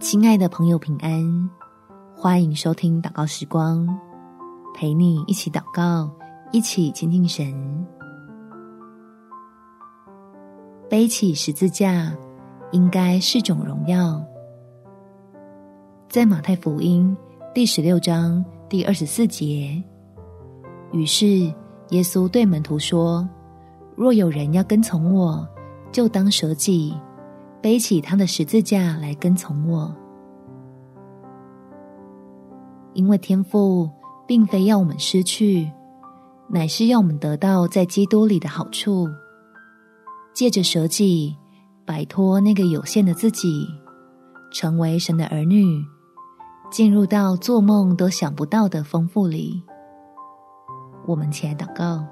親愛的朋友，平安！歡迎收聽禱告時光，陪你一起禱告，一起親近神。背起十字架，應該是種榮耀。在馬太福音第十六章第二十四節。於是耶穌對門徒說：“若有人要跟從我，就當捨己。”背起他的十字架來跟從我，因為天父並非要我們失去，乃是要我們得到在基督裡的好處。借着舍己，擺脫那個有限的自己，成為神的兒女，進入到做夢都想不到的豐富裡。我們起來禱告，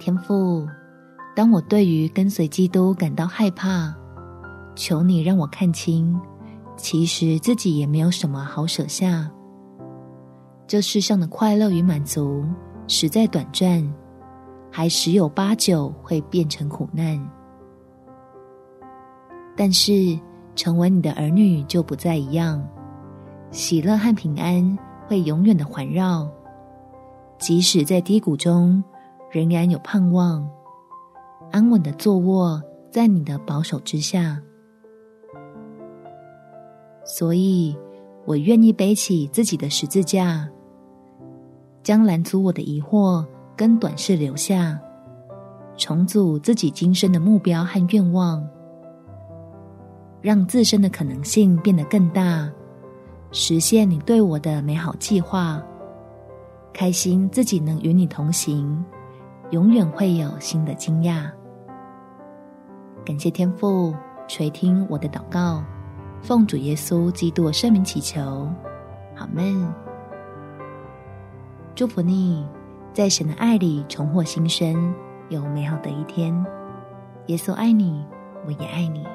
天父，當我對於跟隨基督感到害怕，求你讓我看清，其實自己也沒有什麼好舍下。這世上的快樂與滿足實在短暫，還十有八九會變成苦難。但是成為你的兒女就不再一樣，喜樂和平安會永遠的環繞，即使在低谷中，仍然有盼望。安穩的坐臥在你的保守之下，所以我願意背起自己的十字架，將攔阻我的疑惑跟短視留下，重組自己今生的目標和願望，讓自身的可能性變得更大，實現你對我的美好計劃，開心自己能與你同行。永遠會有新的驚訝。感謝天父垂聽我的禱告，奉主耶穌基督聖名祈求，阿們。祝福你，在神的愛裡重獲新生，有美好的一天。耶穌愛你，我也愛你。